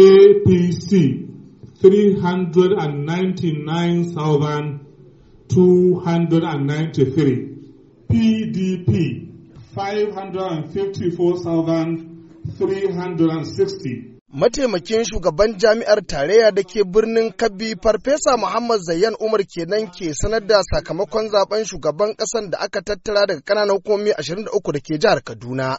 APC 399,293, PDP 554,360. Mataimakin shugaban jami'ar tarayya da ke birnin Kabi, Farfesa Muhammad Zayyan Umar kenan ke sanar da sakamakon zaben shugaban ƙasan da aka tattara daga ƙananan hukumomi 23 da ke jihar Kaduna.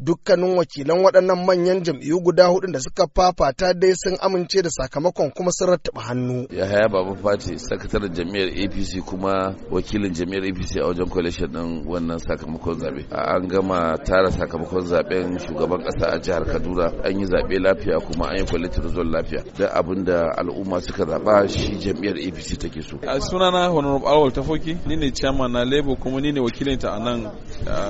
dukkanin wakilan waɗannan manyan jam'iyyu guda hudun da suka fafata dai sun amince da sakamakon kuma sun rattaba hannu. Yahaya Baba Fati sakataren jam'iyyar APC kuma wakilin jam'iyyar APC a wajen coalition din wannan sakamakon zabe. An gama tara sakamakon zaben shugaban ƙasa a jihar Kaduna an yi zabe lafiya kuma an yi kwalitin rizon lafiya. Da abin da al'umma suka zaɓa shi jam'iyyar APC take so. A sunana Honorable Alwal Tafoki ni ne chairman na Labour kuma ni ne wakilinta a nan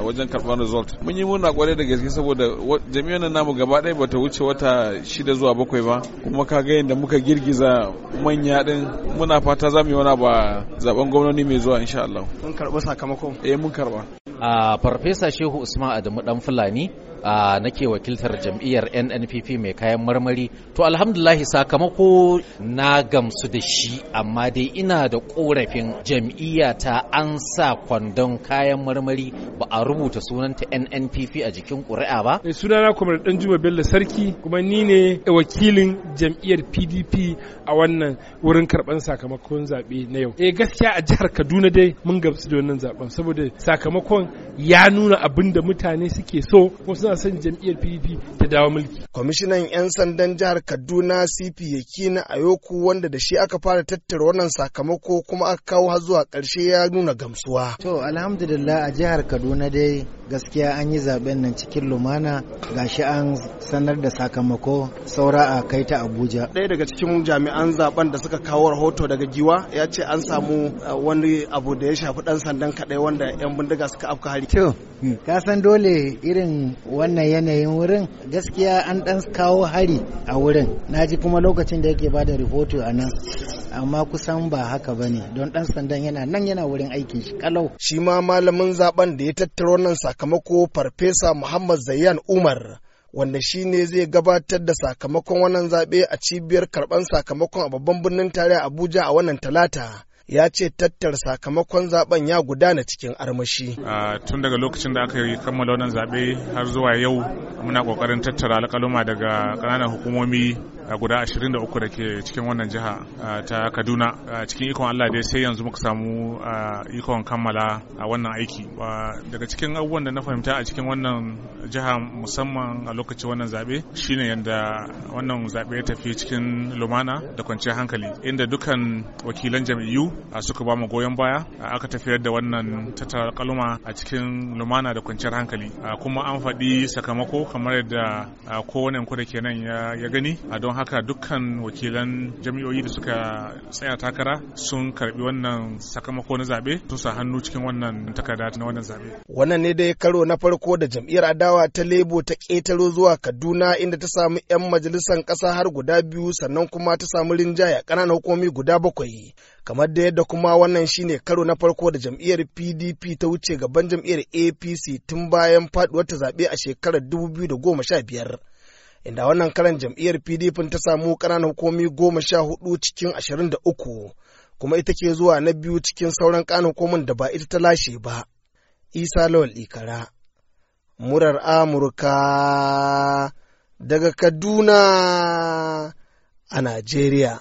wajen karɓar result. Mun yi murna kwarai da gaske saboda jami'an nan namu gaba ɗaya bata wuce wata shida zuwa bakwai ba kuma ka ga yadda muka girgiza manya din muna fata za mu yi wani ba zaben gwamnati mai zuwa insha Allah. Mun karɓi sakamakon? Eh mun karɓa. A Farfesa Shehu Usman Adamu Dan Fulani A nake wakiltar jam'iyyar nnpp mai kayan marmari to alhamdulahi sakamako na gamsu da shi amma dai ina da korafin jam'iyyata an sa kwandon kayan marmari ba a rubuta sunanta nnpp a jikin ƙuri'a ba eh, sunana kuma dan juma bello sarki kuma ni ne wakilin jam'iyyar pdp a wannan wurin karɓar sakamakon zaɓe na yau eh gaskiya a jihar kaduna dai mun gamsu da wannan zaɓen saboda sakamakon ya nuna abin da mutane suke so suna son jam'iyyar PDP ta dawo mulki. Kwamishinan 'yan sandan jihar Kaduna CP na Ayoku wanda da shi aka fara tattara wannan sakamako kuma aka kawo har zuwa karshe ya nuna gamsuwa. To alhamdulillah a jihar Kaduna dai gaskiya an yi zaben nan cikin lumana ga gashi an sanar da sakamako saura a kai ta Abuja. Ɗaya daga cikin jami'an zaben da suka kawo rahoto daga Giwa ya ce an samu uh, wani abu da ya shafi ɗan sandan kaɗai wanda 'yan bindiga suka afka hari. ka san dole irin wannan yanayin wurin gaskiya an dan kawo hari a wurin na ji kuma lokacin da yake ba da rahoto a nan amma kusan ba haka ba ne don dan sandan yana nan yana wurin aikin shi kalau shi ma malamin zaben da ya tattara wannan sakamako farfesa muhammad zayyan umar wanda shi ne zai gabatar da sakamakon wannan zaɓe a cibiyar karɓar sakamakon a babban birnin a abuja a wannan talata ya ce tattar sakamakon zaben ya gudana cikin armashi. tun daga lokacin da aka yi kammala wannan zaɓe har zuwa yau muna kokarin tattara alkaluma daga kananan hukumomi guda 23 da ke cikin wannan jiha ta kaduna cikin ikon allah dai sai yanzu muka samu ikon kammala a wannan aiki daga cikin abubuwan da na fahimta a cikin wannan jiha musamman a lokacin wannan zaɓe shine yadda wannan zaɓe ya tafi cikin lumana da kwanciyar hankali inda dukan wakilan jam'iyyu suka ba mu goyon baya aka tafiyar da wannan tattara alkaluma a cikin lumana da kwanciyar hankali kuma an faɗi sakamako kamar yadda kowane ku da kenan ya gani a don haka dukkan wakilan jami'oyi da suka tsaya takara sun karbi wannan sakamako na zaɓe sun sa hannu cikin wannan takarda na wannan zaɓe. Wannan ne dai karo na farko da jam'iyyar adawa ta Lebo ta ƙetaro zuwa Kaduna inda ta samu 'yan majalisar ƙasa har guda biyu sannan kuma ta samu rinjaya ƙananan hukumomi guda bakwai. kamar da yadda kuma wannan shine karo na farko da jam'iyyar pdp ta wuce gaban jam'iyyar apc tun bayan faduwar ta zaɓe a shekarar 2015 inda wannan karan jam'iyyar pdp ta samu ƙananan hukumi goma sha hudu cikin ashirin da uku kuma ita ke zuwa na biyu cikin sauran ƙananan hukumin da ba ita ta lashe ba isa lawal ikara murar amurka daga kaduna a najeriya